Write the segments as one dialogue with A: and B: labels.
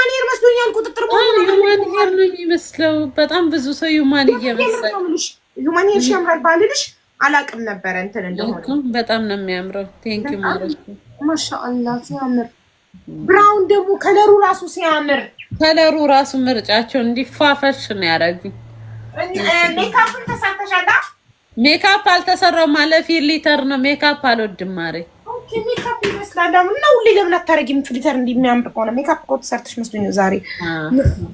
A: ሂውማን መስሎኛል። ቁጥጥር
B: ሂውማን ነው የሚመስለው። በጣም ብዙ ሰው ሂውማን
A: እየመሰለ ሂውማን ባልልሽ አላቅም ነበረ እንትን እንደሆነ
B: በጣም ነው የሚያምረው። ቴንክ ዩ
A: ማሻአላ ሲያምር ብራውን ደግሞ ከለሩ ራሱ ሲያምር
B: ከለሩ ራሱ እንዲፋፈሽ ነው
A: ሜካፕ ተሰርተሻል?
B: ሜካፕ አልተሰራው ማለፊ ሊተር ነው ሜካፕ አልወድም ማሬ
A: ኦኬ ሜካፕ ይመስላል እና ሁሌ ለምን አታደርጊም? ፍሊተር እንደሚያምር ከሆነ ሜካፕ እኮ ተሰርተሽ መስሎኝ ነው ዛሬ።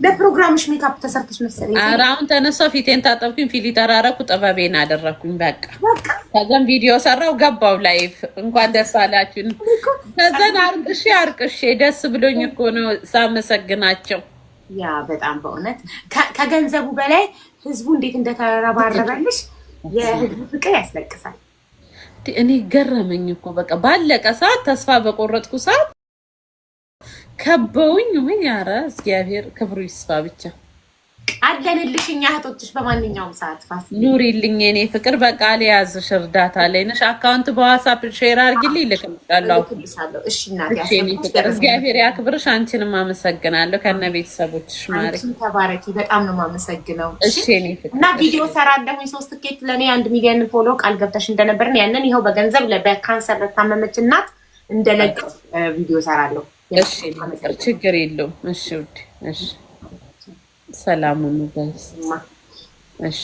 A: ለፕሮግራምሽ ሜካፕ ተሰርተሽ መሰለኝ።
B: ኧረ አሁን ተነሳሁ፣ ፊቴን ታጠብኩኝ፣ ፊሊተር አደረኩ፣ ጥበቤን አደረኩኝ። በቃ ከዛም ቪዲዮ ሰራው፣ ገባው ላይፍ። እንኳን ደስ አላችሁ። ከዛን አርቅሼ አርቅሼ ደስ ብሎኝ እኮ ነው ሳመሰግናቸው።
A: ያ በጣም በእውነት ከገንዘቡ በላይ ህዝቡ እንዴት እንደተረባረበልሽ የህዝቡ ፍቅር ያስለቅሳል።
B: እኔ ገረመኝ እኮ በቃ ባለቀ ሰዓት ተስፋ በቆረጥኩ ሰዓት ከበውኝ። ወይ ያረ እግዚአብሔር ክብሩ ይስፋ ብቻ።
A: አለንልሽ እኛ እህቶችሽ፣ በማንኛውም ሰዓት ፋስ
B: ኑሪልኝ እኔ ፍቅር። በቃል የያዝሽ እርዳታ ላይ ነሽ። አካውንት በዋሳፕ ሼር አድርጊልኝ፣
A: ልክምጣለሁ።
B: እግዚአብሔር ያክብርሽ። አንቺንም አመሰግናለሁ ከነ ቤተሰቦችሽ። ማሪ
A: ተባረኪ። በጣም ነው የማመሰግነው እና ቪዲዮ ሰራለሁኝ ሶስት ኬት ለእኔ አንድ ሚሊዮን ፎሎ ቃል ገብተሽ እንደነበርን ያንን ይኸው በገንዘብ በካንሰር ለታመመች እናት እንደለቅ ቪዲዮ ሰራለሁ።
B: ችግር የለውም። እሺ ውድ እሺ ሰላም ሁኑ እሺ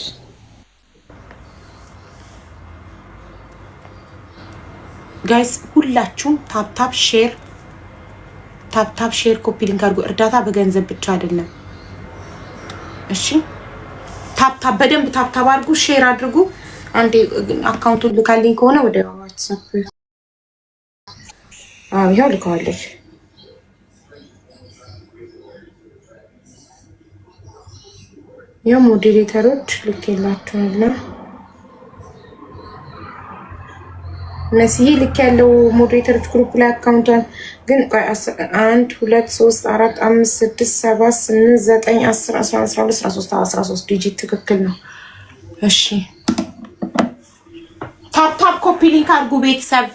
A: ጋይስ ሁላችሁም ታፕታፕ ሼር ታፕታፕ ሼር ኮፒ ሊንክ አድርጉ። እርዳታ በገንዘብ ብቻ አይደለም። እሺ ታፕታፕ በደንብ ታፕታፕ አድርጉ፣ ሼር አድርጉ። አንዴ አካውንቱን ልካልኝ ከሆነ ወደ ዋትሳፕ ይኸው ልከዋለች። ያው ሞዴሬተሮች ልኬላቸዋለሁ። መስዬ ልክ ያለው ሞዴሬተሮች ግሩፕ ላይ አካውንቷን ግን አንድ ሁለት ሶስት አራት አምስት ስድስት ሰባት ስምንት ዘጠኝ አስር አስራ አስራ ሁለት አስራ ሶስት አስራ ሶስት ዲጂት ትክክል ነው። እሺ ታፕታፕ ኮፒ ሊንክ አድርጉ ቤተሰብ።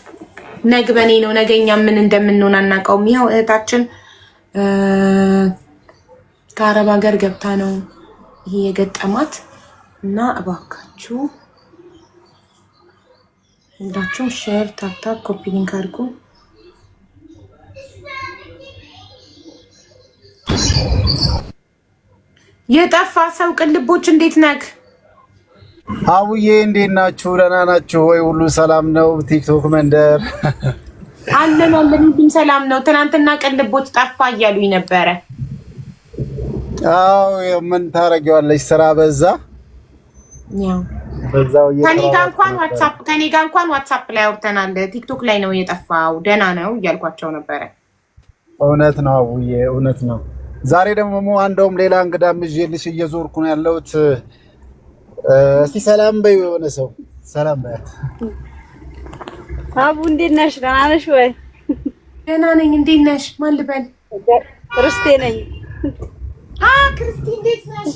A: ነግ በኔ ነው። ነገኛ ምን እንደምንሆን አናውቀውም። ይኸው እህታችን ከአረብ ሀገር ገብታ ነው ይሄ የገጠማት እና እባካችሁ ሁላችሁም ሼር ታፕታፕ ኮፒ ሊንክ አድርጉ። የጠፋ ሰው ቅልቦች እንዴት ነክ?
C: አቡዬ እንዴት ናችሁ? ደህና ናችሁ ወይ? ሁሉ ሰላም ነው? ቲክቶክ መንደር
A: አለን አለን፣ ሁሉም ሰላም ነው። ትናንትና ቅልቦች ጠፋ እያሉኝ ነበረ።
C: አዎ ምን ታረጊዋለሽ? ስራ በዛ
A: ከኔ ጋር እንኳን ዋትሳፕ ከኔ ጋር እንኳን ዋትሳፕ ላይ አውርተናል። ቲክቶክ ላይ ነው የጠፋው። ደህና ነው እያልኳቸው ነበረ።
C: እውነት ነው አቡዬ፣ እውነት ነው። ዛሬ ደግሞ አንደውም ሌላ እንግዳ ምዤልሽ እየዞርኩ ነው ያለሁት። እስቲ ሰላም በይ፣ የሆነ ሰው ሰላም በያት።
B: አቡ እንዴት ነሽ? ደህና ነሽ ወይ?
A: ደህና ነኝ። እንዴት ነሽ? ማን ልበል? ርስቴ ነኝ ክርስቲ እንዴት ነሽ?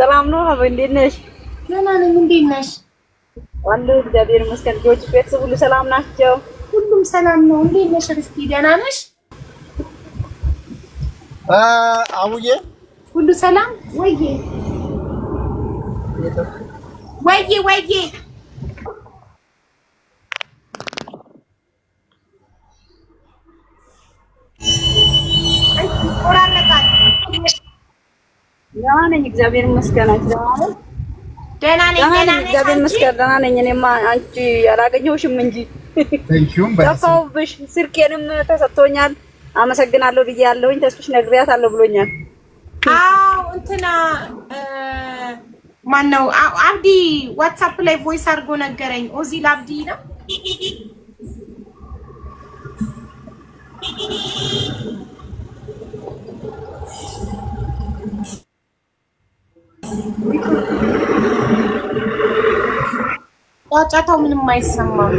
B: ሰላም ነው። ሀብ እንዴት ነሽ?
A: ደህና ነኝ። እንዴት ነሽ?
B: አሉ እግዚአብሔር ይመስገን። ልጆች፣ ቤተሰብ ሁሉ ሰላም ናቸው?
A: ሁሉም ሰላም ነው። እንዴት ነሽ ክርስቲ? ደህና ነሽ? አውዬ ሁሉ ሰላም ወይዬ ወይዬ ወይዬ ቆራረጣል
B: ደህና ነኝ፣ እግዚአብሔር ይመስገን። አንቺ ደህና ነሽ? ደህና ነኝ፣ ደህና ነኝ፣ እግዚአብሔር ይመስገን፣ ደህና ነኝ። እኔማ አንቺ አላገኘሁሽም እንጂ ጠፋሁብሽ። ስልኬንም ተሰጥቶኛል፣ አመሰግናለሁ ብያለሁኝ። ተስፍሽ ነግሪያታለሁ ብሎኛል።
A: አዎ እንትና ማነው አብዲ ዋትሳፕ ላይ ቮይስ አድርጎ ነገረኝ። ኦዚል አብዲ ነው።
B: ጫጫታው ምንም አይሰማም።